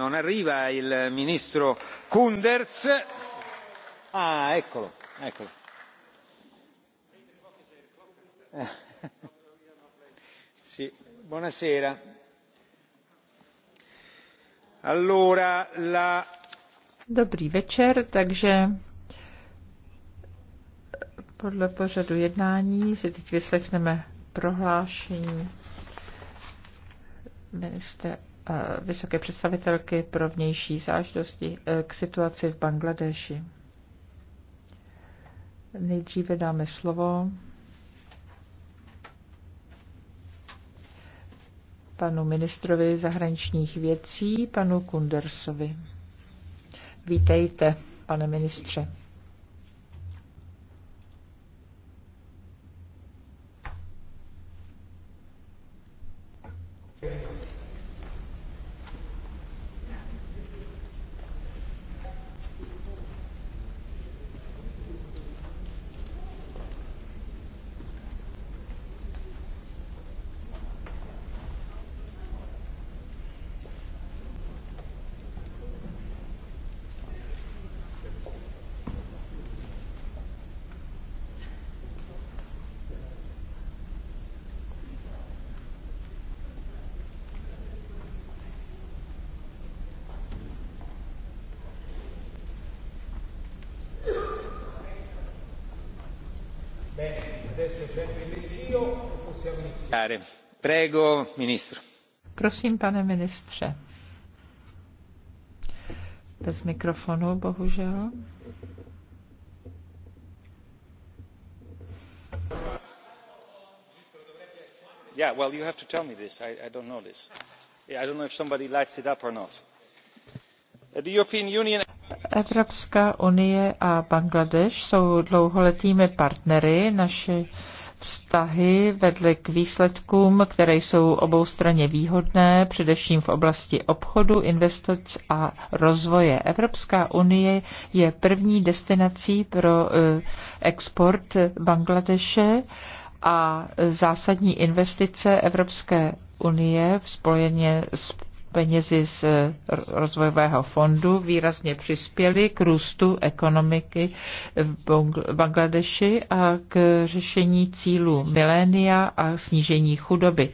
non arriva il ministro kunders ah eccolo eccolo sì, buonasera allora la Dobrý večer, takže podle pořadu jednání si teď vyslechneme prohlášení ministra vysoké představitelky pro vnější záždosti eh, k situaci v Bangladeši. Nejdříve dáme slovo panu ministrovi zahraničních věcí, panu Kundersovi. Vítejte, pane ministře. Prosím, pane ministře. Bez mikrofonu, bohužel. Yeah, well, you have to tell me this. I, I don't know this. Yeah, I don't know if somebody lights it up or not. Uh, the European Union Evropská unie a Bangladeš jsou dlouholetými partnery. Naše vztahy vedly k výsledkům, které jsou oboustranně výhodné, především v oblasti obchodu, investic a rozvoje. Evropská unie je první destinací pro eh, export Bangladeše a zásadní investice Evropské unie spojeně s penězi z eh, rozvojového fondu výrazně přispěly k růstu ekonomiky v Bangladeši a k řešení cílů milénia a snížení chudoby.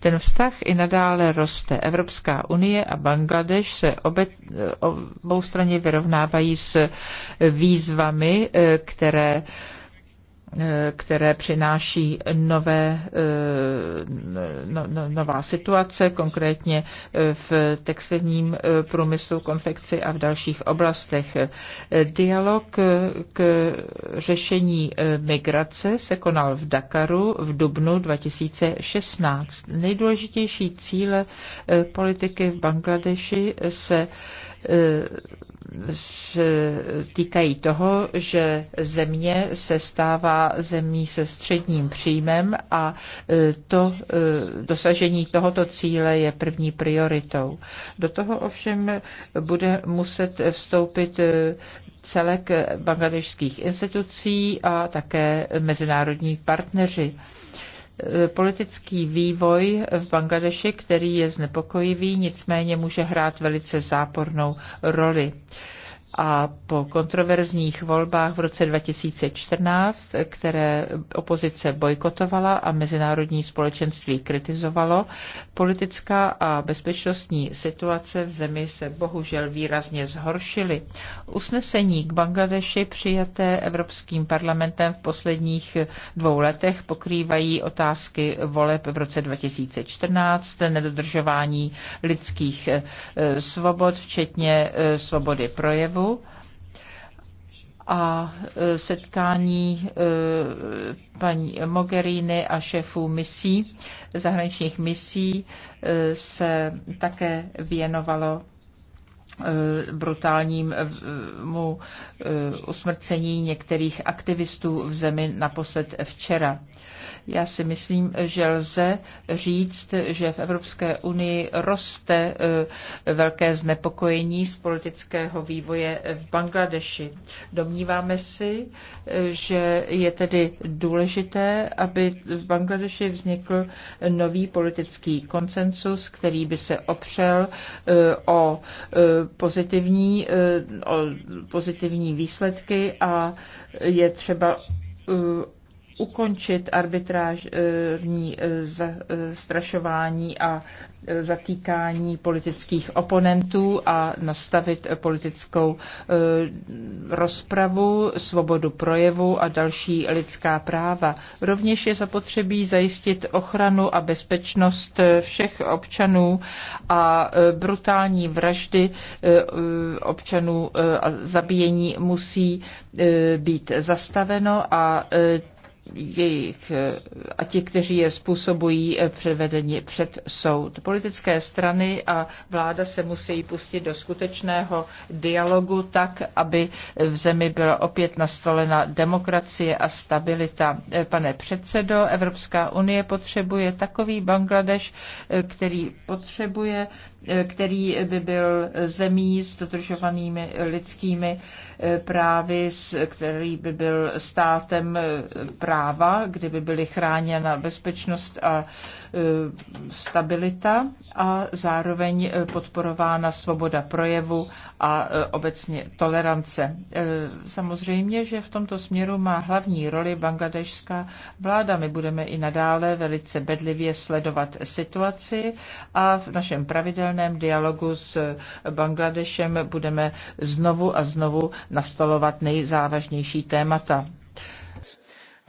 Ten vztah i nadále roste. Evropská unie a Bangladeš se obe, eh, obou straně vyrovnávají s výzvami, eh, které Eh, které přináší nové, eh, no, no, nová situace, konkrétně eh, v textilním průmyslu, konfekci a v dalších oblastech. Dialog k řešení migrace se konal v Dakaru v dubnu 2016. Nejdůležitější cíle politiky v Bangladeši se týkají toho, že země se stává zemí se středním příjmem a e, to e, dosažení tohoto cíle je první prioritou. Do toho ovšem bude muset vstoupit e, celek bangladežských institucí a také mezinárodní partneři politický vývoj v Bangladeši, který je znepokojivý, nicméně může hrát velice zápornou roli a po kontroverzních volbách v roce 2014, které opozice bojkotovala a mezinárodní společenství kritizovalo, politická a bezpečnostní situace v zemi se bohužel výrazně zhoršily. Usnesení k Bangladeši přijaté Evropským parlamentem v posledních dvou letech pokrývají otázky voleb v roce 2014, nedodržování lidských eh, svobod, včetně eh, svobody projevu, Bible a e, setkání e, paní Mogherini a šéfů misí, zahraničních misí e, se také věnovalo brutálnímu usmrcení některých aktivistů v zemi naposled včera. Já si myslím, že lze říct, že v Evropské unii roste eh, velké znepokojení z politického vývoje v Bangladeši. Domníváme si, eh, že je tedy důležité, aby v Bangladeši vznikl nový politický konsensus, který by se opřel eh, o pozitivní, o pozitivní výsledky a je třeba ukončit arbitrážní eh, zastrašování a eh, zatýkání politických oponentů a nastavit politickou eh, rozpravu, svobodu projevu a další lidská práva. Rovněž je zapotřebí zajistit ochranu a bezpečnost všech občanů a brutální vraždy občanů a zabíjení musí být zastaveno a jejich eh, a ti, kteří je způsobují eh, předvedení před soud. Politické strany a vláda se musí pustit do skutečného dialogu tak, aby v zemi byla opět nastolena demokracie a stabilita. Eh, pane předsedo, Evropská unie potřebuje takový Bangladeš, který potřebuje který by byl zemí s dodržovanými lidskými eh, právy, který by byl státem eh, práva, kde by byly chráněna bezpečnost a eh, stabilita a zároveň podporována svoboda projevu a obecně tolerance. Samozřejmě, že v tomto směru má hlavní roli bangladešská vláda. My budeme i nadále velice bedlivě sledovat situaci a v našem pravidelném pravidelném dialogu s Bangladešem budeme znovu a znovu nastolovat nejzávažnější témata.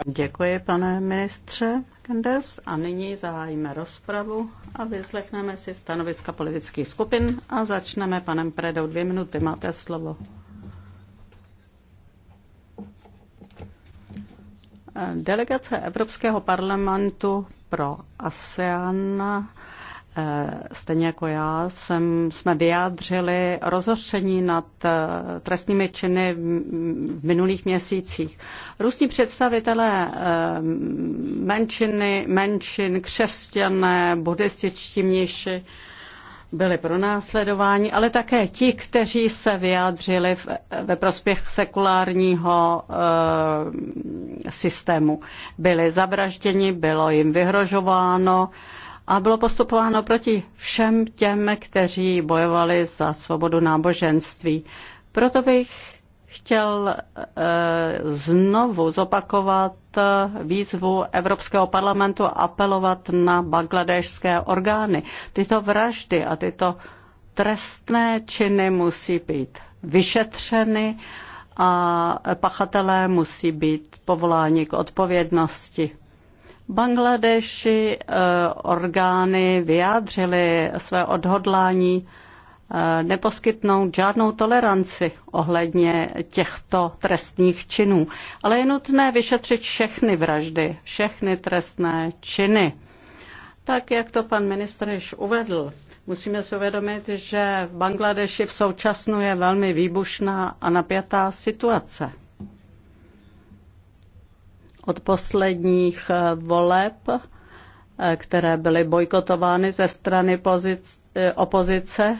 Děkuji, pane ministře Kendes. A nyní zahájíme rozpravu a vyslechneme si stanoviska politických skupin a začneme panem Predou. Dvě minuty, máte slovo. Delegace Evropského parlamentu pro ASEAN Eh, stejně jako já jsem, jsme vyjádřili rozhořčení nad eh, trestními činy v minulých měsících. Různí představitelé eh, menšiny, menšin, křesťané, buddhističtí mniši byli pronásledováni, ale také ti, kteří se vyjádřili v, ve prospěch sekulárního e, systému. Byli zavražděni, bylo jim vyhrožováno. E, a bylo postupováno proti všem těm, kteří bojovali za svobodu náboženství. Proto bych chtěl e, znovu zopakovat e, výzvu Evropského parlamentu a apelovat na bangladešské orgány. Tyto vraždy a tyto trestné činy musí být vyšetřeny a pachatelé musí být povoláni k odpovědnosti. Bangladeši eh, orgány vyjádřily své odhodlání eh, neposkytnout žádnou toleranci ohledně těchto trestních činů. Ale je nutné vyšetřit všechny vraždy, všechny trestné činy. Tak, jak to pan ministr již uvedl, musíme si uvědomit, že v Bangladeši v současnu je velmi výbušná a napjatá situace od posledních eh, voleb, eh, které byly bojkotovány ze strany pozic, eh, opozice,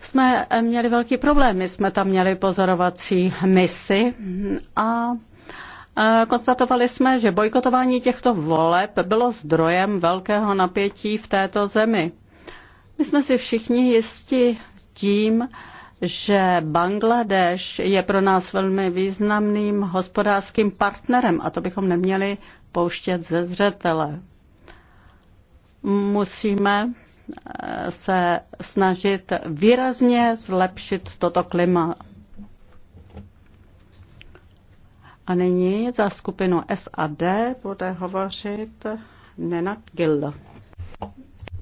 jsme měli velký problém. My jsme tam měli pozorovací misi a Konstatovali jsme, že bojkotování těchto voleb bylo zdrojem velkého napětí v této zemi. My jsme si všichni jisti tím, že Bangladeš je pro nás velmi významným hospodářským partnerem a to bychom neměli pouštět ze zřetele. Musíme eh, se snažit výrazně zlepšit toto klima. A nyní za skupinu SAD bude hovořit Nenad Gill.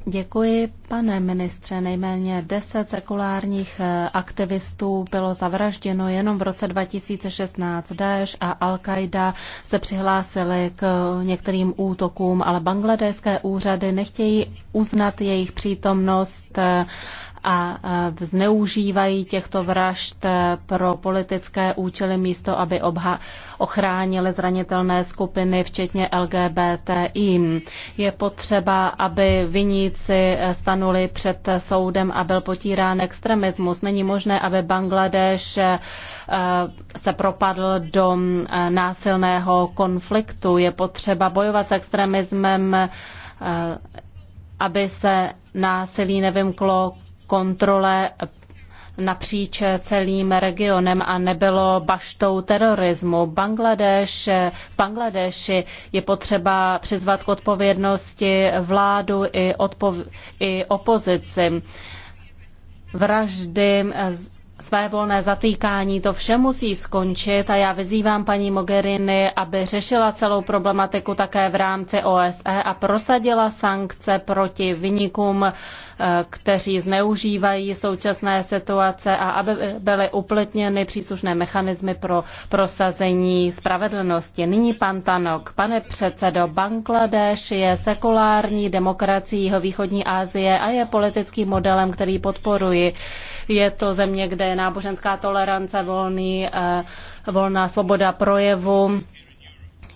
Děkuji, pane ministře. Nejméně deset sekulárních eh, aktivistů bylo zavražděno jenom v roce 2016. Daesh a Al-Qaida se přihlásili k eh, některým útokům, ale bangladéské úřady nechtějí uznat jejich přítomnost eh, a zneužívají těchto vražd e, pro politické účely místo, aby obha- ochránili zranitelné skupiny, včetně LGBTI. Je potřeba, aby viníci e, stanuli před soudem a byl potírán extremismus. Není možné, aby Bangladeš e, se propadl do násilného konfliktu. Je potřeba bojovat s extremismem aby se násilí nevymklo kontrole napříč celým regionem a nebylo baštou terorismu. Bangladeš, Bangladeši je potřeba přizvat k odpovědnosti vládu i, odpov- i opozici. Vraždy své volné zatýkání, to vše musí skončit a já vyzývám paní Mogherini, aby řešila celou problematiku také v rámci OSE a prosadila sankce proti vynikům, eh, kteří zneužívají současné situace a aby byly uplatněny příslušné mechanismy pro prosazení spravedlnosti. Nyní pan Tanok. Pane předsedo, Bangladeš je sekulární demokracií jeho východní Asie a je politickým modelem, který podporuji. Je to země, kde je náboženská tolerance, volný, eh, volná svoboda projevu.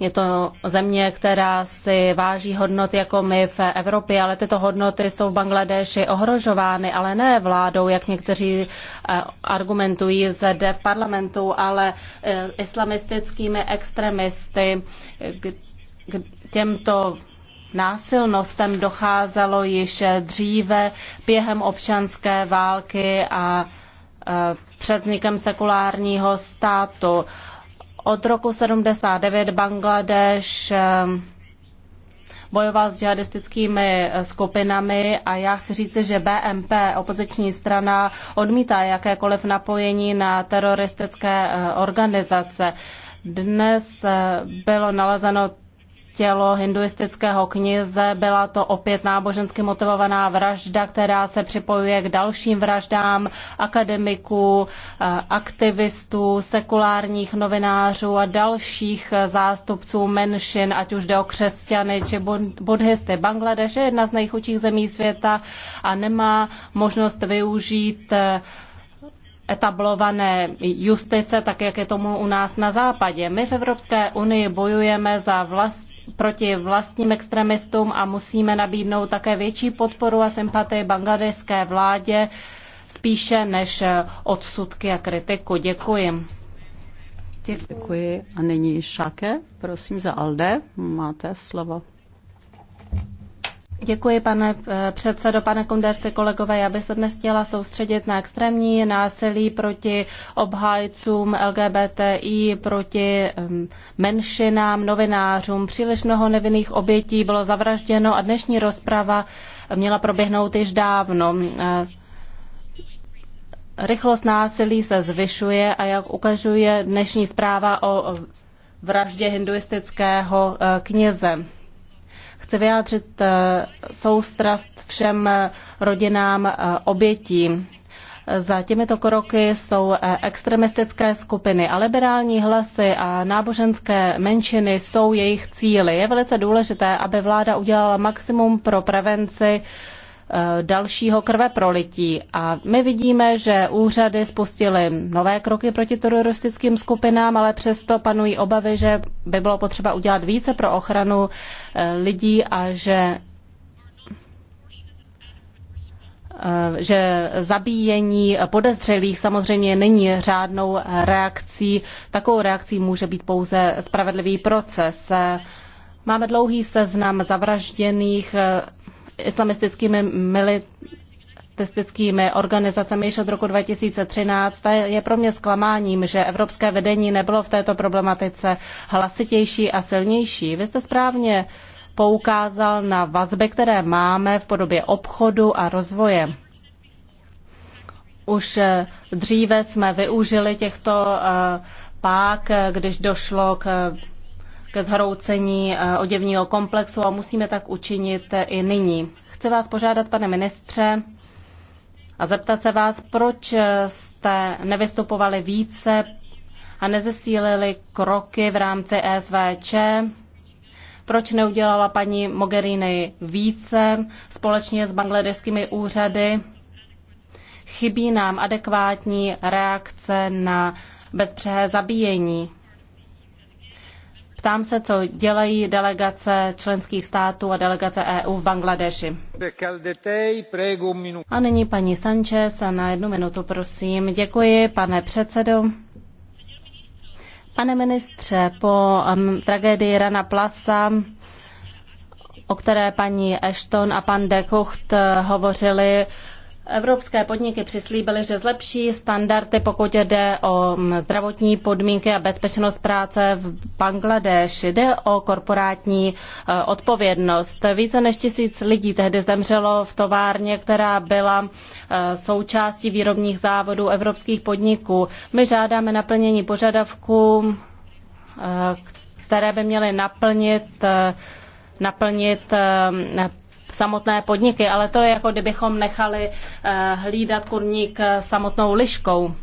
Je to země, která si váží hodnot jako my v Evropě, ale tyto hodnoty jsou v Bangladeši ohrožovány, ale ne vládou, jak někteří eh, argumentují zde v parlamentu, ale eh, islamistickými extremisty. K těmto násilnostem docházelo již dříve během občanské války a e, před vznikem sekulárního státu. Od roku 79 Bangladeš e, bojoval s džihadistickými e, skupinami a já chci říct, že BMP, opoziční strana, odmítá jakékoliv napojení na teroristické organizace. Dnes bylo nalezeno tělo hinduistického kněze. Byla to opět nábožensky motivovaná vražda, která se připojuje k dalším vraždám akademiků, eh, aktivistů, sekulárních novinářů a dalších eh, zástupců menšin, ať už jde o křesťany či buddhisty. Bangladeš je jedna z nejchudších zemí světa a nemá možnost využít eh, etablované justice, tak jak je tomu u nás na západě. My v Evropské unii bojujeme za vlastní proti vlastním extremistům a musíme nabídnout také větší podporu a sympatii Bangladeské vládě spíše než odsudky a kritiku. Děkuji. Děkuji. Děkuji. A nyní Šake, prosím za Alde, máte slovo. Děkuji, pane eh, předsedo, pane Kondersi, kolegové. Já bych se dnes chtěla soustředit na extrémní násilí proti obhájcům LGBTI, proti menšinám, novinářům. Příliš mnoho nevinných obětí bylo zavražděno a dnešní rozprava měla proběhnout již dávno. Eh, rychlost násilí se zvyšuje a jak ukazuje dnešní zpráva o vraždě hinduistického eh, kněze. Chci vyjádřit eh, soustrast všem eh, rodinám eh, obětí. Za těmito kroky jsou extremistické skupiny a liberální hlasy a náboženské menšiny jsou jejich cíly. Je velice důležité, aby vláda udělala maximum pro prevenci Eh, dalšího krve prolití. A my vidíme, že úřady spustily nové kroky proti teroristickým skupinám, ale přesto panují obavy, že by bylo potřeba udělat více pro ochranu eh, lidí a že eh, že zabíjení podezřelých samozřejmě není řádnou reakcí. Takovou reakcí může být pouze spravedlivý proces. Máme dlouhý seznam zavražděných islamistickými militistickými organizacemi již od roku 2013. je pro mě zklamáním, že evropské vedení nebylo v této problematice hlasitější a silnější. Vy jste správně poukázal na vazby, které máme v podobě obchodu a rozvoje. Už eh, dříve jsme využili těchto eh, pák, eh, když došlo k ke zhroucení eh, oděvního komplexu a musíme tak učinit eh, i nyní. Chci vás požádat, pane ministře, a zeptat se vás, proč eh, jste nevystupovali více a nezesílili kroky v rámci ESVČ, proč neudělala paní Mogherini více společně s bangladeskými úřady. Chybí nám adekvátní reakce na bezpřehé zabíjení. Ptám se, co dělají delegace členských států a delegace EU v Bangladeši. A nyní paní Sanchez a na jednu minutu, prosím. Děkuji, pane předsedo. Pane ministře, po um, tragédii Rana Plaza, o které paní Ashton a pan de Kucht uh, hovořili, Evropské podniky přislíbily, že zlepší standardy, pokud jde o mm, zdravotní podmínky a bezpečnost práce v Bangladeši. Jde o korporátní e, odpovědnost. Více než tisíc lidí tehdy zemřelo v továrně, která byla e, součástí výrobních závodů evropských podniků. My žádáme naplnění požadavků, e, které by měly naplnit naplnit samotné podniky, ale to je jako kdybychom nechali eh, hlídat kurník eh, samotnou liškou.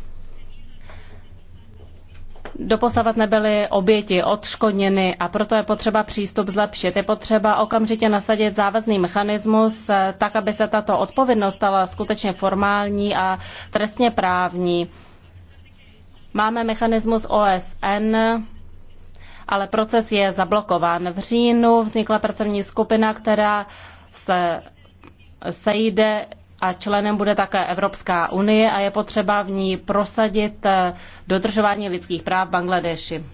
Doposavat nebyly oběti odškodněny a proto je potřeba přístup zlepšit. Je potřeba okamžitě nasadit závazný mechanismus, eh, tak aby se tato odpovědnost stala skutečně formální a trestně právní. Máme mechanismus OSN, ale proces je zablokován. V říjnu vznikla pracovní skupina, která se sejde a členem bude také Evropská unie a je potřeba v ní prosadit eh, dodržování lidských práv v Bangladeši.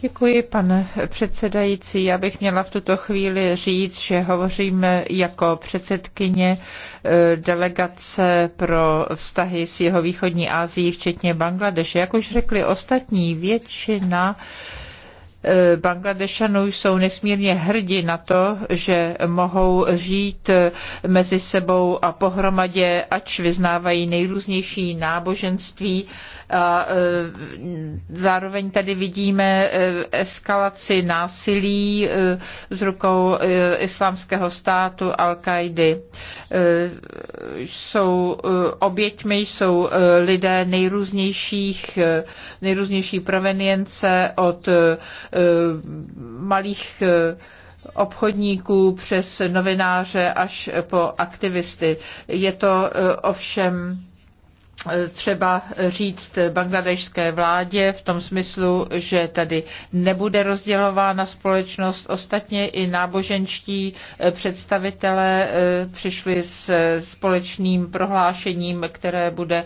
Děkuji, pane předsedající. Já bych měla v tuto chvíli říct, že hovořím jako předsedkyně eh, delegace pro vztahy s jeho východní Asií, včetně Bangladeše. Jak už řekli ostatní, většina Eh, Bangladešanů jsou nesmírně hrdí na to, že mohou žít eh, mezi sebou a pohromadě, ač vyznávají nejrůznější náboženství. A eh, zároveň tady vidíme eskalaci násilí z rukou islámského státu Al-Kaidy. Jsou oběťmi, jsou lidé nejrůznějších, nejrůznější provenience od Eh, malých eh, obchodníků přes novináře až po aktivisty. Je to eh, ovšem třeba říct bangladešské vládě v tom smyslu, že tady nebude rozdělována společnost. Ostatně i náboženští eh, představitelé eh, přišli s eh, společným prohlášením, které bude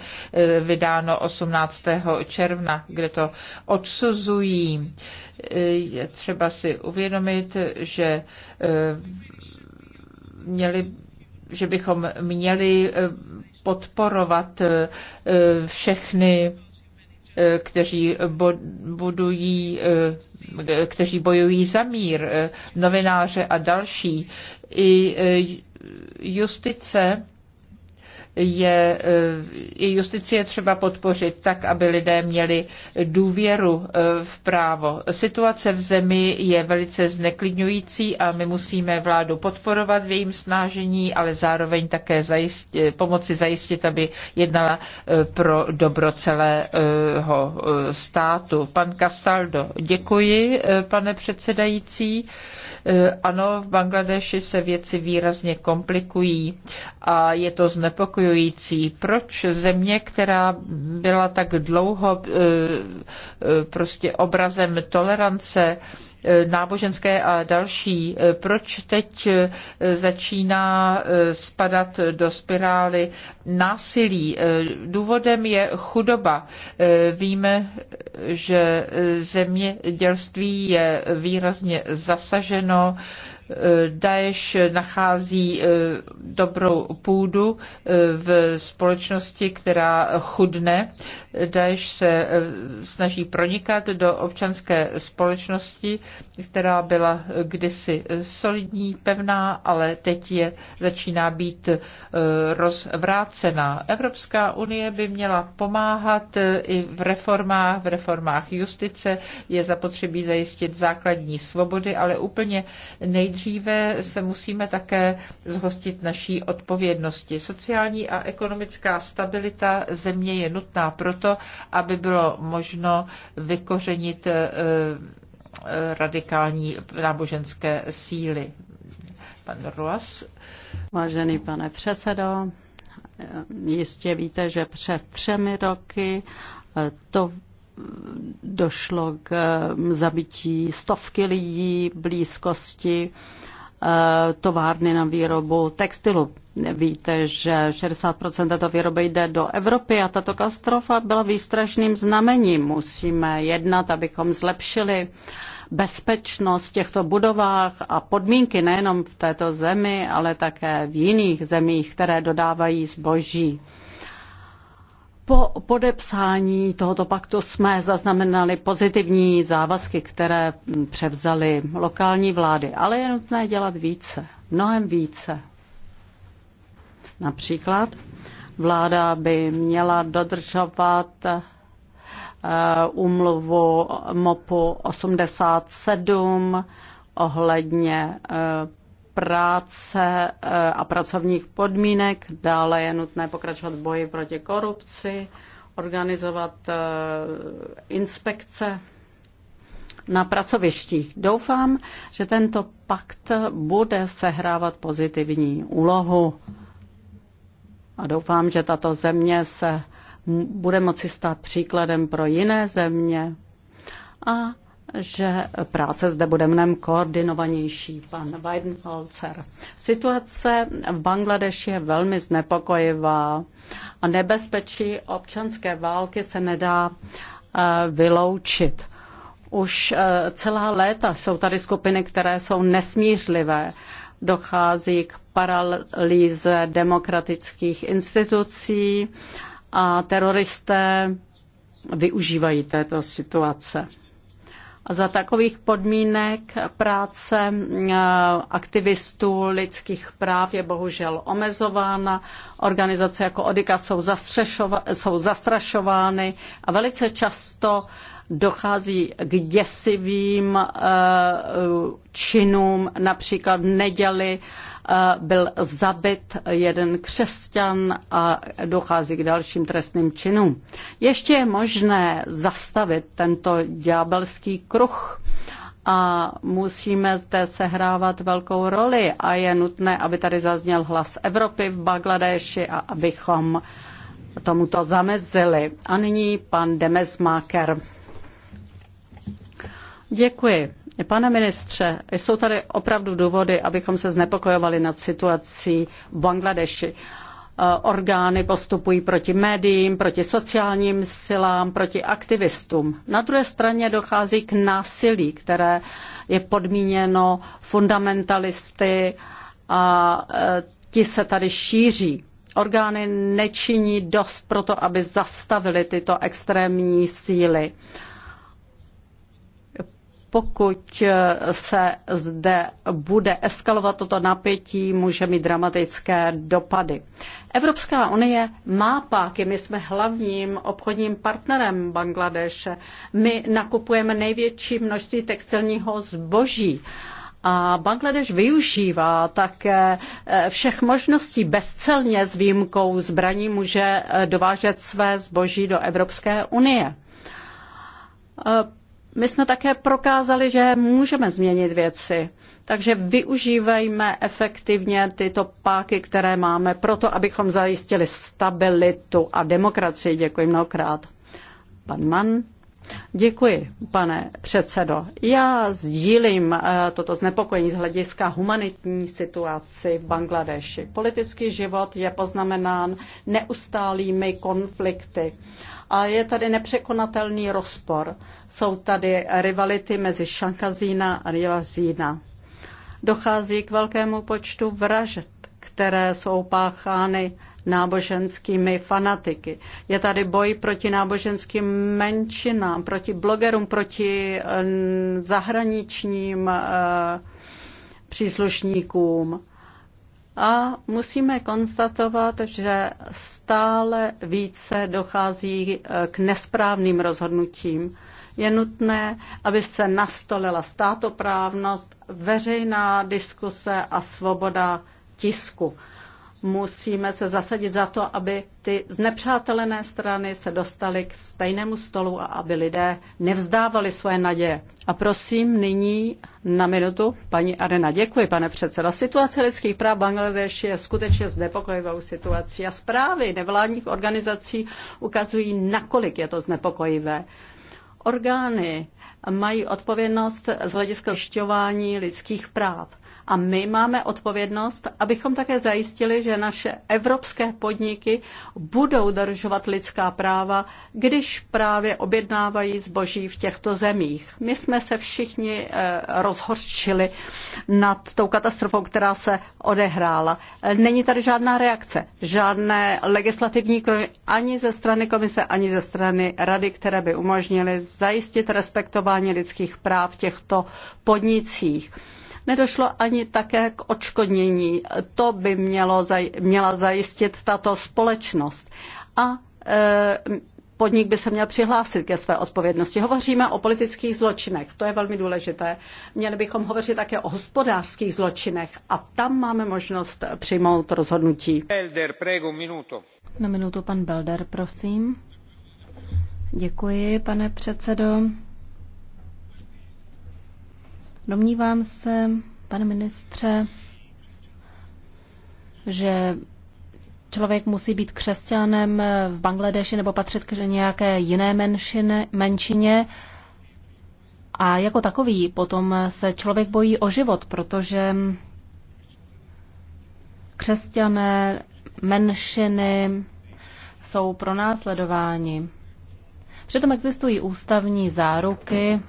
vydáno 18. června, kde to odsuzují. Je třeba si uvědomit, že měli že bychom měli podporovat eh, všechny, eh, kteří budují, eh, kteří bojují za mír, novináře a další. I justice je, eh, i justici je třeba podpořit tak, aby lidé měli důvěru eh, v právo. Situace v zemi je velice zneklidňující a my musíme vládu podporovat v jejím snážení, ale zároveň také zajistit, eh, pomoci zajistit, aby jednala pro dobro celého státu. Pan Castaldo, děkuji, pane předsedající. Ano, v Bangladeši se věci výrazně komplikují a je to znepokojující znepokojující. Proč země, která byla tak dlouho eh, eh, prostě obrazem tolerance, eh, náboženské a další, proč teď začíná spadat do spirály násilí? Důvodem je chudoba. Víme, že zemědělství je výrazně zasaženo Daesh nachází eh, dobrou půdu eh, v společnosti, která chudne. Daesh se eh, snaží pronikat do občanské společnosti, která byla kdysi solidní, pevná, ale teď je začíná být rozvrácená. Evropská unie by měla pomáhat i v reformách, v reformách justice. Je zapotřebí zajistit základní svobody, ale úplně nejdřív dříve se musíme také zhostit naší odpovědnosti. Sociální a ekonomická stabilita země je nutná proto, aby bylo možno vykořenit eh, radikální náboženské síly. Pan Roas. Vážený pane předsedo, jistě víte, že před třemi roky eh, to došlo k mm, zabití stovky lidí v blízkosti eh, továrny na výrobu textilu. Víte, že 60% této výroby jde do Evropy a tato katastrofa byla výstražným znamením. Musíme jednat, abychom zlepšili bezpečnost v těchto budovách a podmínky nejenom v této zemi, ale také v jiných zemích, které dodávají zboží. Po podepsání tohoto paktu jsme zaznamenali pozitivní závazky, které převzaly lokální vlády, ale je nutné dělat více, mnohem více. Například vláda by měla dodržovat eh, úmluvu MOPu 87 ohledně eh, práce eh, a pracovních podmínek, dále je nutné pokračovat v boji proti korupci, organizovat eh, inspekce na pracovištích. Doufám, že tento pakt bude sehrávat pozitivní úlohu a doufám, že tato země se bude moci stát příkladem pro jiné země a že práce zde bude mnohem koordinovanější. Pan Weidenholzer. Situace v Bangladeši je velmi znepokojivá a nebezpečí občanské války se nedá eh, vyloučit. Už eh, celá léta jsou tady skupiny, které jsou nesmířlivé. Dochází k paralýze demokratických institucí a teroristé využívají této situace za takových podmínek práce eh, aktivistů lidských práv je bohužel omezována. Organizace jako ODIKA jsou, jsou zastrašovány a velice často dochází k děsivým eh, eh, činům, například neděli Eh, byl zabit jeden křesťan a dochází k dalším trestným činům. Ještě je možné zastavit tento ďábelský kruh a musíme zde sehrávat velkou roli a je nutné, aby tady zazněl hlas Evropy v Bangladeši a abychom tomuto zamezili. A nyní pan Demesmaker. Děkuji. Pane ministře, jsou tady opravdu důvody, abychom se znepokojovali nad situací v Bangladeši. Eh, orgány postupují proti médiím, proti sociálním silám, proti aktivistům. Na druhé straně dochází k násilí, které je podmíněno fundamentalisty a eh, ti se tady šíří. Orgány nečiní dost pro to, aby zastavili tyto extrémní síly pokud eh, se zde bude eskalovat toto napětí, může mít dramatické dopady. Evropská unie má páky, my jsme hlavním obchodním partnerem Bangladeše. My nakupujeme největší množství textilního zboží. A Bangladeš využívá také eh, všech možností bezcelně s výjimkou zbraní může eh, dovážet své zboží do Evropské unie. My jsme také prokázali, že můžeme změnit věci. Takže využívejme efektivně tyto páky, které máme, proto abychom zajistili stabilitu a demokracii. Děkuji mnohokrát. Pan Mann. Děkuji, pane předsedo. Já sdílím eh, toto znepokojení z hlediska humanitní situaci v Bangladeši. Politický život je poznamenán neustálými konflikty a je tady nepřekonatelný rozpor. Jsou tady rivality mezi Šankazína a Riazína. Dochází k velkému počtu vražd, které jsou páchány náboženskými fanatiky. Je tady boj proti náboženským menšinám, proti blogerům, proti eh, zahraničním eh, příslušníkům a musíme konstatovat, že stále více dochází eh, k nesprávným rozhodnutím. Je nutné, aby se nastolila státoprávnost, veřejná diskuse a svoboda tisku musíme se zasadit za to, aby ty znepřátelené strany se dostaly k stejnému stolu a aby lidé nevzdávali svoje naděje. A prosím nyní na minutu paní Arena. Děkuji, pane předsedo. Situace lidských práv Bangladeši je skutečně znepokojivou situací a zprávy nevládních organizací ukazují, nakolik je to znepokojivé. Orgány mají odpovědnost z hlediska lidských práv a my máme odpovědnost, abychom také zajistili, že naše evropské podniky budou dodržovat lidská práva, když právě objednávají zboží v těchto zemích. My jsme se všichni eh, rozhorčili nad tou katastrofou, která se odehrála. Není tady žádná reakce, žádné legislativní kroky ani ze strany komise, ani ze strany rady, které by umožnily zajistit respektování lidských práv v těchto podnicích. Nedošlo ani také k odškodnění. To by mělo, měla zajistit tato společnost. A e, podnik by se měl přihlásit ke své odpovědnosti. Hovoříme o politických zločinech, to je velmi důležité. Měli bychom hovořit také o hospodářských zločinech a tam máme možnost přijmout rozhodnutí. Belder, prego, minuto. Na minutu pan Belder, prosím. Děkuji, pane předsedo. Domnívám se, pane ministře, že člověk musí být křesťanem v Bangladeši nebo patřit k nějaké jiné menšine, menšině. A jako takový potom se člověk bojí o život, protože křesťané, menšiny jsou pronásledováni. Přitom existují ústavní záruky,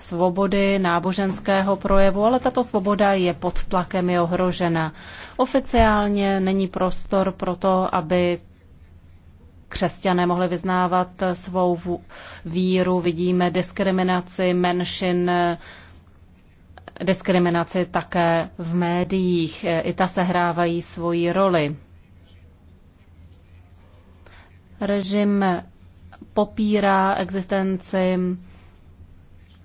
svobody náboženského projevu, ale tato svoboda je pod tlakem, je ohrožena. Oficiálně není prostor pro to, aby křesťané mohli vyznávat svou víru. Vidíme diskriminaci menšin, diskriminaci také v médiích. I ta sehrávají svoji roli. Režim popírá existenci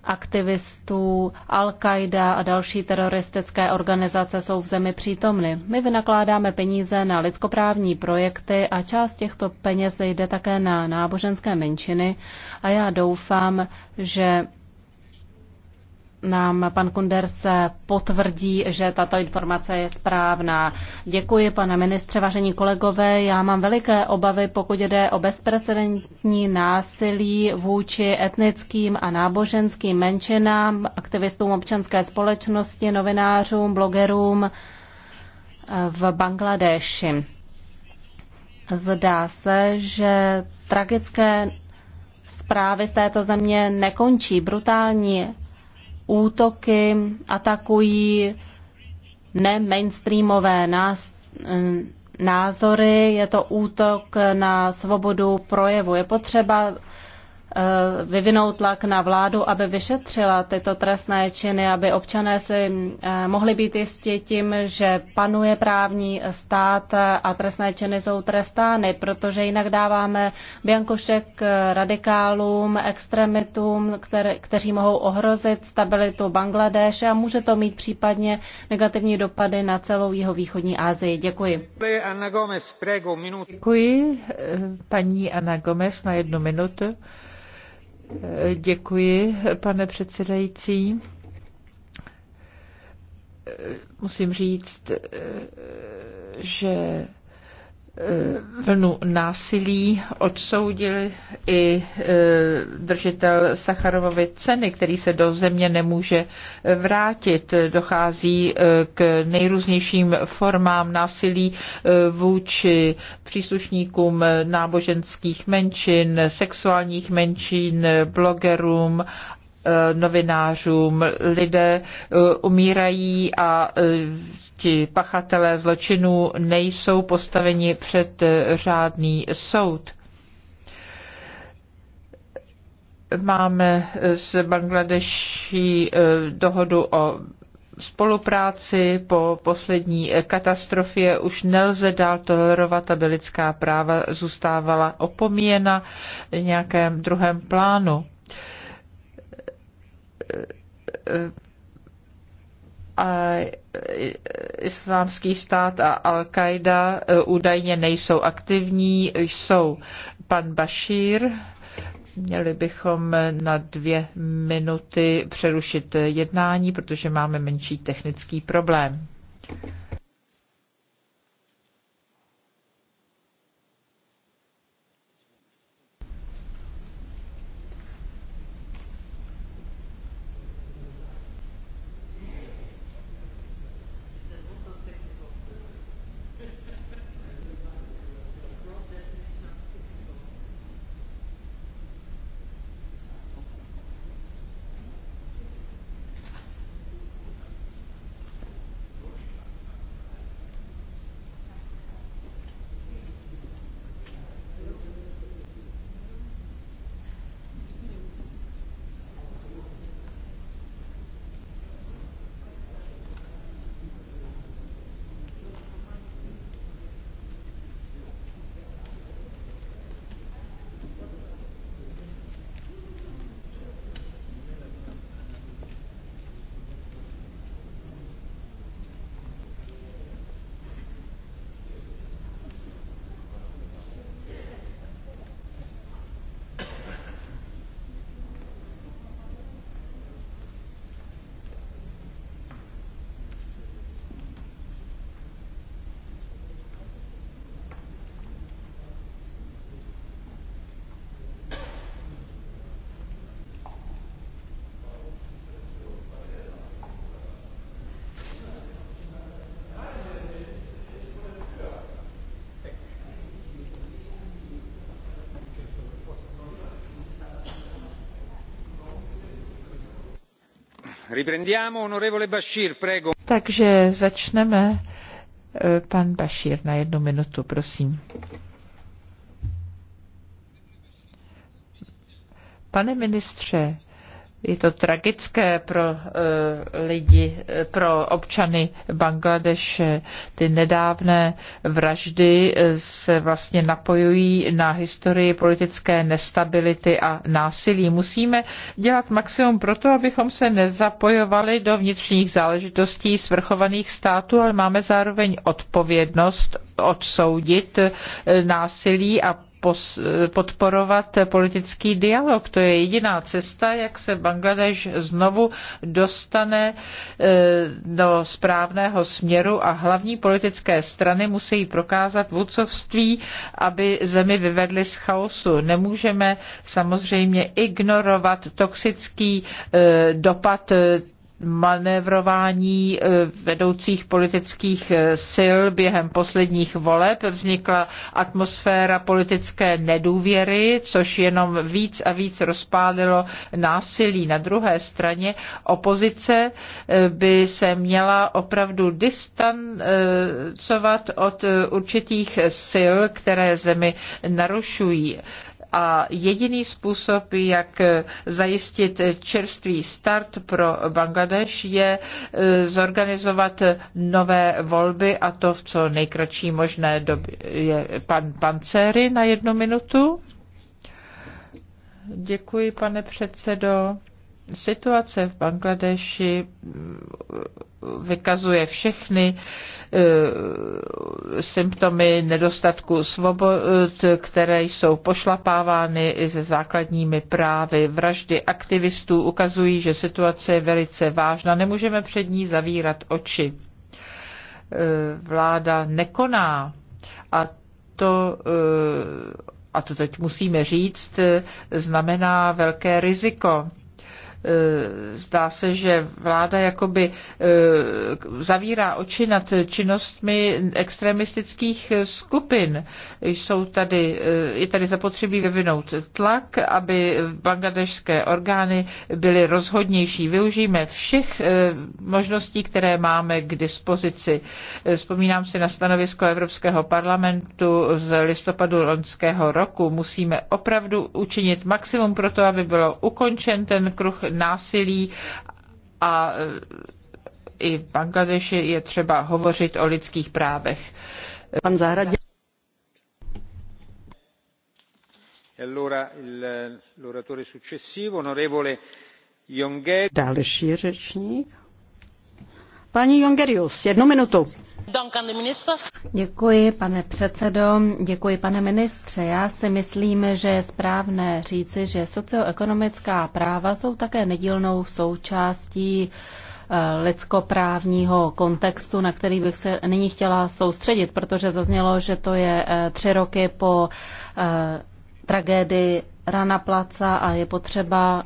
aktivistů, Al-Qaida a další teroristické organizace jsou v zemi přítomny. My vynakládáme peníze na lidskoprávní projekty a část těchto peněz jde také na náboženské menšiny a já doufám, že nám pan Kunders potvrdí, že tato informace je správná. Děkuji, pane ministře, vážení kolegové. Já mám veliké obavy, pokud jde o bezprecedentní násilí vůči etnickým a náboženským menšinám, aktivistům občanské společnosti, novinářům, blogerům v Bangladeši. Zdá se, že tragické zprávy z této země nekončí. Brutální útoky atakují ne mainstreamové eh, názory, je to útok na svobodu projevu. Je potřeba Eh, vyvinout tlak na vládu, aby vyšetřila tyto trestné činy, aby občané si eh, mohli být jistí tím, že panuje právní stát a trestné činy jsou trestány, protože jinak dáváme biankošek radikálům, extremitům, které, kteří mohou ohrozit stabilitu Bangladéše a může to mít případně negativní dopady na celou jeho východní Asii. Děkuji. Děkuji. Eh, paní Ana Gomez na jednu minutu. Děkuji, pane předsedající. Musím říct, že vlnu násilí odsoudil i e, držitel Sacharovovy ceny, který se do země nemůže vrátit. Dochází e, k nejrůznějším formám násilí e, vůči příslušníkům náboženských menšin, sexuálních menšin, blogerům novinářům. Lidé umírají a ti pachatelé zločinů nejsou postaveni před řádný soud. Máme s Bangladeší eh, dohodu o spolupráci po poslední katastrofě už nelze dál tolerovat, aby lidská práva zůstávala opomíjena v nějakém druhém plánu eh, eh, a e, islámský stát a Al-Qaida e, údajně nejsou aktivní, jsou pan Bashir, Měli bychom na dvě minuty přerušit jednání, protože máme menší technický problém. Takže začneme. Eh, pan Bashir na jednu minutu, prosím. Pane ministře, je to tragické pro eh, lidi, eh, pro občany Bangladeše. Ty nedávné vraždy eh, se vlastně napojují na historii politické nestability a násilí. Musíme dělat maximum pro to, abychom se nezapojovali do vnitřních záležitostí svrchovaných států, ale máme zároveň odpovědnost odsoudit násilí a podporovat politický dialog. To je jediná cesta, jak se Bangladeš znovu dostane e, do správného směru a hlavní politické strany musí prokázat vůdcovství, aby zemi vyvedly z chaosu. Nemůžeme samozřejmě ignorovat toxický e, dopad e, manévrování eh, vedoucích politických eh, sil během posledních voleb vznikla atmosféra politické nedůvěry, což jenom víc a víc rozpálilo násilí. Na druhé straně opozice eh, by se měla opravdu distancovat od určitých sil, které zemi narušují a jediný způsob, jak zajistit čerstvý start pro Bangladeš, je e, zorganizovat nové volby a to v co nejkratší možné době. Je pan Pancery na jednu minutu. Děkuji, pane předsedo. Situace v Bangladeši vykazuje všechny Eh, symptomy nedostatku svobod, které jsou pošlapávány i se základními právy. Vraždy aktivistů ukazují, že situace je velice vážná. Nemůžeme před ní zavírat oči. Eh, vláda nekoná a to eh, a to teď musíme říct, znamená velké riziko Eh, zdá se, že vláda jakoby eh, zavírá oči nad činnostmi extremistických skupin. Jsou tady, eh, je tady zapotřebí vyvinout tlak, aby bangladešské orgány byly rozhodnější. Využijeme všech možností, které máme k dispozici. Vzpomínám si na stanovisko Evropského parlamentu z listopadu loňského roku. Musíme opravdu učinit maximum pro to, aby bylo ukončen ten kruh násilí a e, i v Bangladeši je třeba hovořit o lidských právech. Pan Zahradě. E Další řečník. Paní Jongerius, jednu minutu. Děkuji, pane předsedo, děkuji, pane ministře. Já si myslím, že je správné říci, že socioekonomická práva jsou také nedílnou součástí eh, lidskoprávního kontextu, na který bych se nyní chtěla soustředit, protože zaznělo, že to je eh, tři roky po eh, tragédii Rana Placa a je potřeba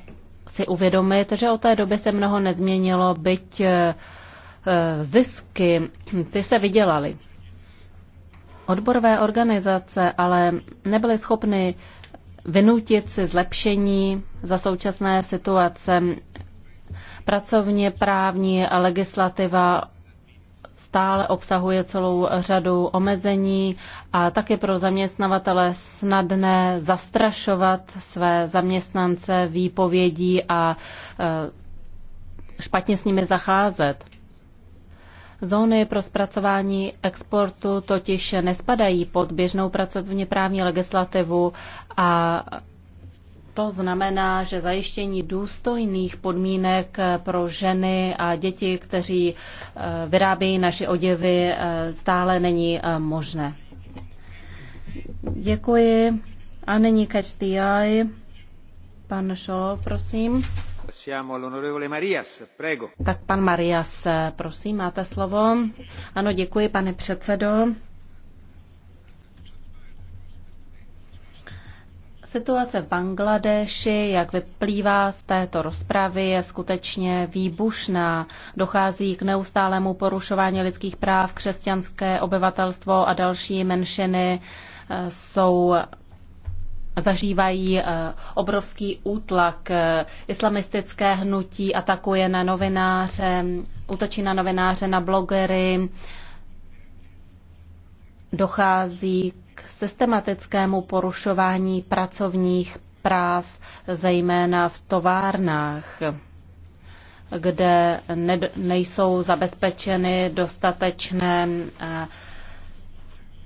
si uvědomit, že od té doby se mnoho nezměnilo, byť Eh, zisky, ty se vydělaly. Odborové organizace ale nebyly schopny vynutit si zlepšení za současné situace. Pracovně právní a legislativa stále obsahuje celou řadu omezení a taky pro zaměstnavatele snadné zastrašovat své zaměstnance výpovědí a eh, špatně s nimi zacházet. Zóny pro zpracování exportu totiž nespadají pod běžnou pracovně právní legislativu a to znamená, že zajištění důstojných podmínek pro ženy a děti, kteří eh, vyrábějí naše oděvy, eh, stále není eh, možné. Děkuji. A nyní catch the eye. Pan Šolo, prosím. Tak pan Marias, prosím, máte slovo. Ano, děkuji, pane předsedo. Situace v Bangladeši, jak vyplývá z této rozpravy, je skutečně výbušná. Dochází k neustálému porušování lidských práv, křesťanské obyvatelstvo a další menšiny eh, jsou zažívají eh, obrovský útlak. Eh, islamistické hnutí atakuje na novináře, útočí na novináře, na blogery. Dochází k systematickému porušování pracovních práv, zejména v továrnách kde nejsou zabezpečeny dostatečné eh,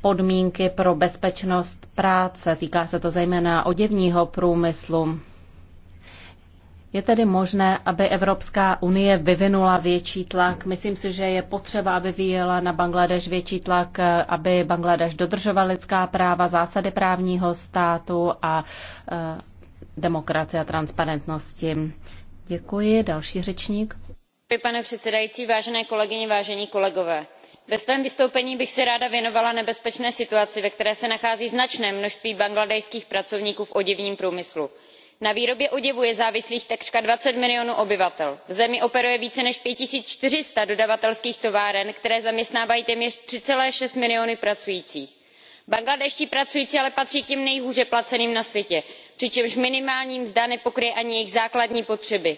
podmínky pro bezpečnost práce. Týká se to zejména oděvního průmyslu. Je tedy možné, aby Evropská unie vyvinula větší tlak? Myslím si, že je potřeba, aby vyjela na Bangladeš větší tlak, aby Bangladeš dodržoval lidská práva, zásady právního státu a e, demokracie a transparentnosti. Děkuji. Další řečník. Pane předsedající, vážené kolegyně, vážení kolegové ve svém vystoupení bych se ráda věnovala nebezpečné situaci ve které se nachází značné množství bangladéšských pracovníků v oděvním průmyslu. na výrobě oděvů je závislých takřka twenty milionů obyvatel. v zemi operuje více než five four hundred dodavatelských továren které zaměstnávají téměř three six milionu pracujících. bangladéšští pracující ale patří k těm nejhůře placeným na světě přičemž minimální mzda nepokryje ani jejich základní potřeby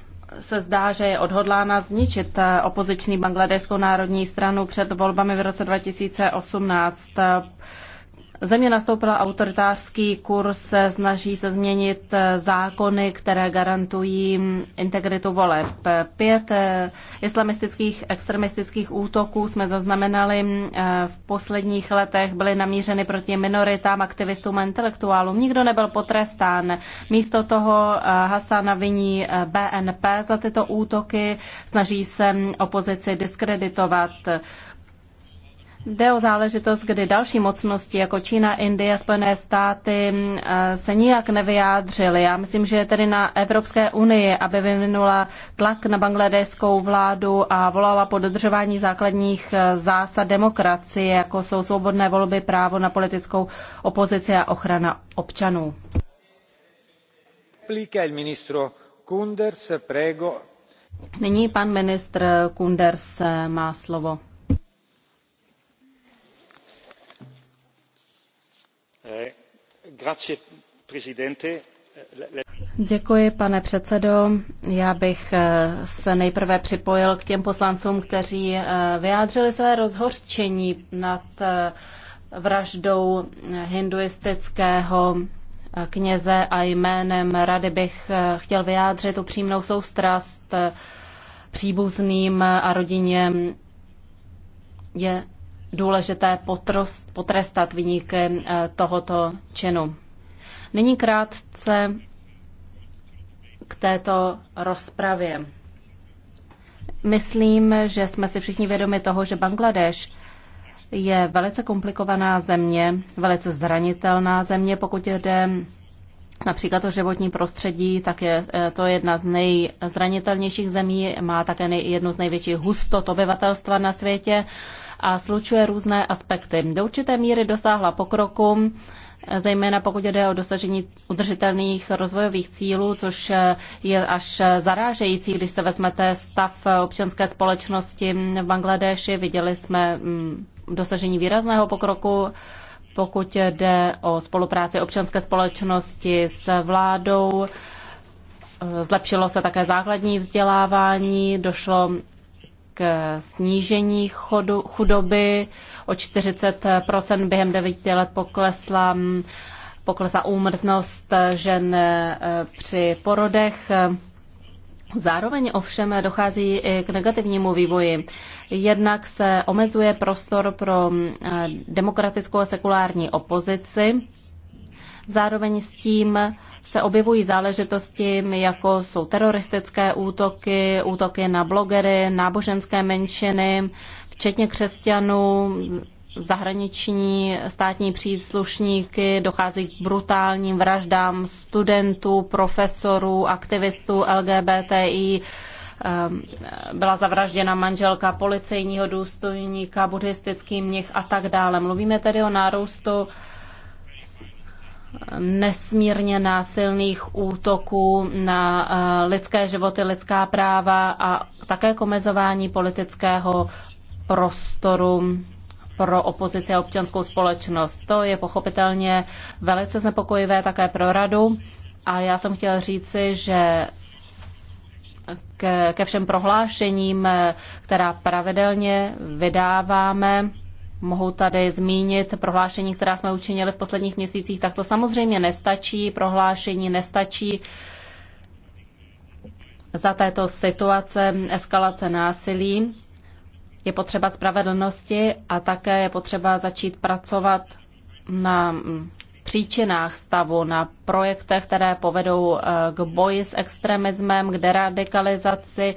se zdá, že je odhodlána zničit eh, opoziční Bangladeskou národní stranu před volbami v roce 2018. Země nastoupila autoritářský kurz, snaží se změnit eh, zákony, které garantují mm, integritu voleb. Pět eh, islamistických extremistických útoků jsme zaznamenali mm, eh, v posledních letech, byly namířeny proti minoritám, aktivistům a intelektuálům. Nikdo nebyl potrestán. Místo toho Hasana viní BNP za tyto útoky, snaží se mm, opozici diskreditovat. Jde o záležitost, kdy další mocnosti jako Čína, Indie, Spojené státy e, se nijak nevyjádřily. Já myslím, že je tedy na Evropské unii, aby vyvinula tlak na bangladéskou vládu a volala po dodržování základních e, zásad demokracie, jako jsou svobodné volby, právo na politickou opozici a ochrana občanů. Nyní pan ministr Kunders e, má slovo. Děkuji, pane předsedo. Já bych eh, se nejprve připojil k těm poslancům, kteří eh, vyjádřili své rozhořčení nad eh, vraždou hinduistického kněze a jménem rady bych chtěl vyjádřit upřímnou soustrast příbuzným a rodině je důležité potrost, potrestat vyníky eh, tohoto činu. Nyní krátce k této rozpravě. Myslím, že jsme si všichni vědomi toho, že Bangladeš je velice komplikovaná země, velice zranitelná země, pokud jde Například o životní prostředí, tak je eh, to jedna z nejzranitelnějších zemí, má také jednu z největších hustot obyvatelstva na světě a slučuje různé aspekty. Do určité míry dosáhla pokroku, zejména pokud jde o dosažení udržitelných rozvojových cílů, což je až zarážející, když se vezmete stav občanské společnosti v Bangladeši. Viděli jsme mm, dosažení výrazného pokroku pokud jde o spolupráci občanské společnosti s vládou. Zlepšilo se také základní vzdělávání, došlo snížení chudoby. O 40 během 9 let poklesla, poklesla úmrtnost žen e, při porodech. Zároveň ovšem dochází i k negativnímu vývoji. Jednak se omezuje prostor pro e, demokratickou a sekulární opozici, Zároveň s tím se objevují záležitosti, jako jsou teroristické útoky, útoky na blogery, náboženské menšiny, včetně křesťanů, zahraniční státní příslušníky, dochází k brutálním vraždám studentů, profesorů, aktivistů LGBTI, ehm, byla zavražděna manželka policejního důstojníka, buddhistický mnich a tak dále. Mluvíme tedy o nárůstu nesmírně násilných útoků na eh, lidské životy, lidská práva a také komezování politického prostoru pro opozici a občanskou společnost. To je pochopitelně velice znepokojivé také pro radu a já jsem chtěla říci, že ke, ke všem prohlášením, eh, která pravidelně vydáváme, Mohu tady zmínit prohlášení, která jsme učinili v posledních měsících, tak to samozřejmě nestačí, prohlášení nestačí. Za této situace eskalace násilí je potřeba spravedlnosti a také je potřeba začít pracovat na mm, příčinách stavu, na projektech, které povedou eh, k boji s extremismem, k deradikalizaci,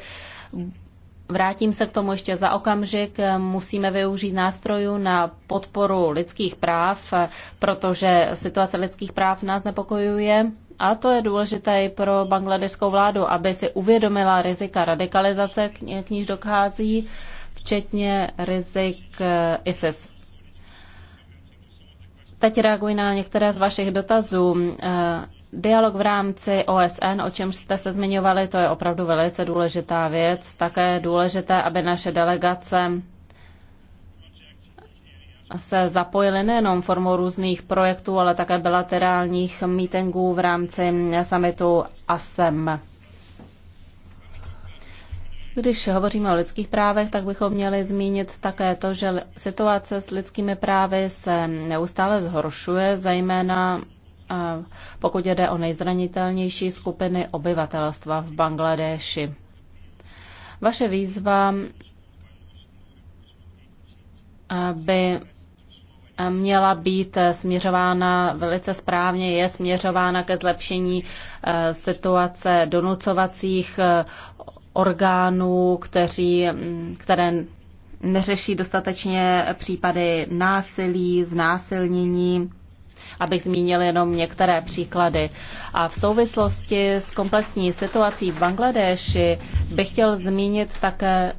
Vrátím se k tomu ještě za okamžik. Musíme využít nástrojů na podporu lidských práv, protože situace lidských práv nás nepokojuje. A to je důležité i pro bangladeskou vládu, aby si uvědomila rizika radikalizace, k níž dochází, včetně rizik eh, ISIS. Teď reaguji na některé z vašich dotazů. Eh, Dialog v rámci OSN, o čem jste se zmiňovali, to je opravdu velice důležitá věc. Také je důležité, aby naše delegace se zapojily nejenom formou různých projektů, ale také bilaterálních mítingů v rámci summitu ASEM. Když hovoříme o lidských právech, tak bychom měli zmínit také to, že situace s lidskými právy se neustále zhoršuje, zejména eh, pokud jde o nejzranitelnější skupiny obyvatelstva v Bangladeši. Vaše výzva by měla být směřována velice správně, je směřována ke zlepšení eh, situace donucovacích eh, orgánů, kteří, mm, které neřeší dostatečně případy násilí, znásilnění abych zmínil jenom některé příklady. A v souvislosti s komplexní situací v Bangladeši bych chtěl zmínit také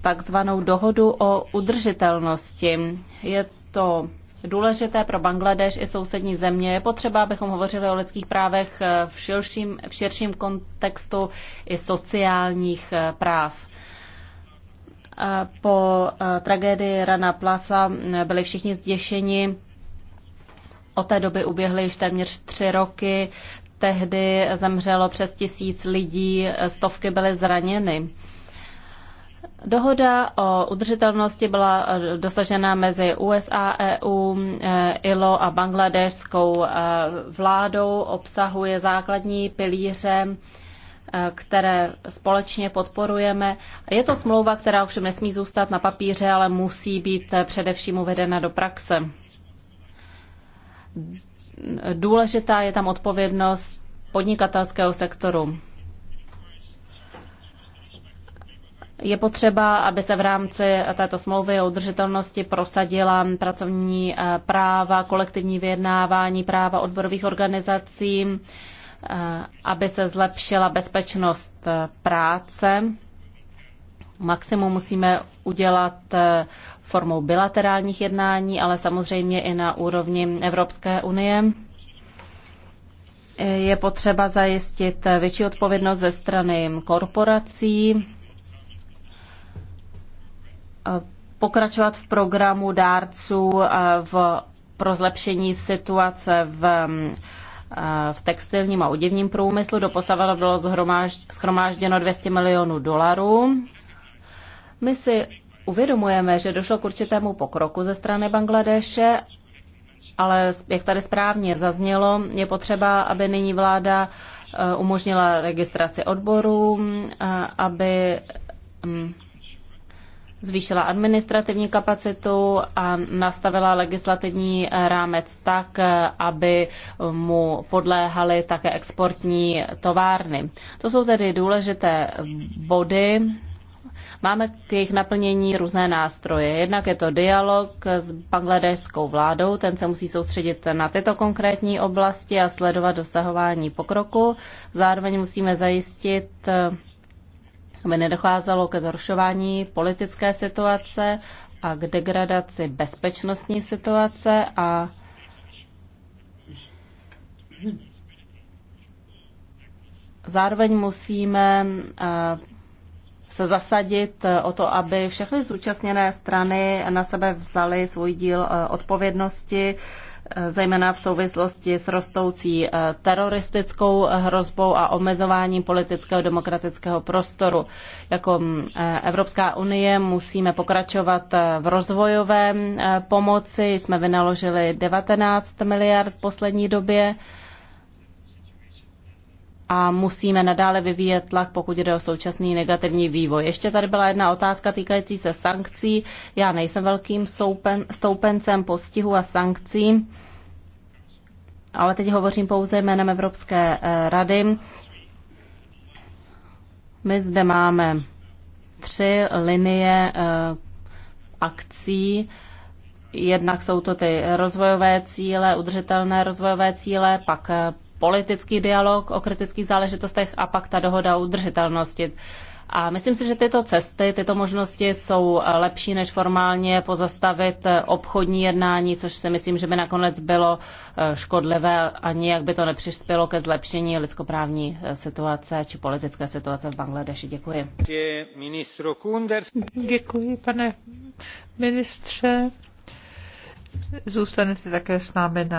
takzvanou dohodu o udržitelnosti. Je to důležité pro Bangladeš i sousední země. Je potřeba, abychom hovořili o lidských právech v širším, v širším kontextu i sociálních eh, práv. Eh, po eh, tragédii Rana Plaza byli všichni zděšeni od té doby uběhly již téměř tři roky. Tehdy zemřelo přes tisíc lidí, stovky byly zraněny. Dohoda o udržitelnosti byla eh, dosažena mezi USA, EU, ILO a e eh, bangladešskou eh, vládou. Obsahuje základní pilíře které společně podporujeme. Je to smlouva, která ovšem nesmí zůstat na papíře, ale musí být především uvedena do praxe důležitá je tam odpovědnost podnikatelského sektoru. Je potřeba, aby se v rámci této smlouvy o udržitelnosti prosadila pracovní eh, práva, kolektivní vyjednávání, práva odborových organizací, eh, aby se zlepšila bezpečnost eh, práce Maximum musíme udělat eh, formou bilaterálních jednání, ale samozřejmě i na úrovni Evropské unie. Eh, je potřeba zajistit eh, větší odpovědnost ze strany korporací, pokračovat v programu dárců v, pro zlepšení situace v, mm, v textilním a oděvním průmyslu. Doposavat bylo schromážděno 200 milionů dolarů. My si uvědomujeme, že došlo k určitému pokroku ze strany Bangladeše, ale jak tady správně zaznělo, je potřeba, aby nyní vláda eh, umožnila registraci odborů, eh, aby mm, zvýšila administrativní kapacitu a nastavila legislativní eh, rámec tak, aby mu podléhaly také exportní továrny. To jsou tedy důležité body Máme k jejich naplnění různé nástroje. Jednak je to dialog s bangladešskou vládou, ten se musí soustředit na tyto konkrétní oblasti a sledovat dosahování pokroku. Zároveň musíme zajistit aby nedocházelo ke zhoršování politické situace a k degradaci bezpečnostní situace a zároveň musíme eh, se zasadit eh, o to, aby všechny zúčastněné strany na sebe vzaly svůj díl eh, odpovědnosti, eh, zejména v souvislosti s rostoucí teroristickou hrozbou a omezováním politického demokratického prostoru. Jako mm, Evropská unie musíme pokračovat v rozvojové pomoci. Jsme vynaložili 19 miliard v poslední době a musíme nadále vyvíjet tlak, pokud jde o současný negativní vývoj. Ještě tady byla jedna otázka týkající se sankcí. Já nejsem velkým soupen, stoupencem postihu a sankcí, ale teď hovořím pouze jménem Evropské eh, rady. My zde máme tři linie eh, akcí, Jednak jsou to ty rozvojové cíle, udržitelné rozvojové cíle, pak eh, politický dialog o kritických záležitostech a pak ta dohoda o udržitelnosti. A myslím si, že tyto cesty, tyto možnosti jsou lepší, než formálně pozastavit obchodní jednání, což si myslím, že by nakonec bylo eh, škodlivé a nijak by to nepřispělo ke zlepšení lidskoprávní eh, situace či politické situace v Bangladeši. Děkuji. Děkuji, pane ministře. Zůstanete také s námi na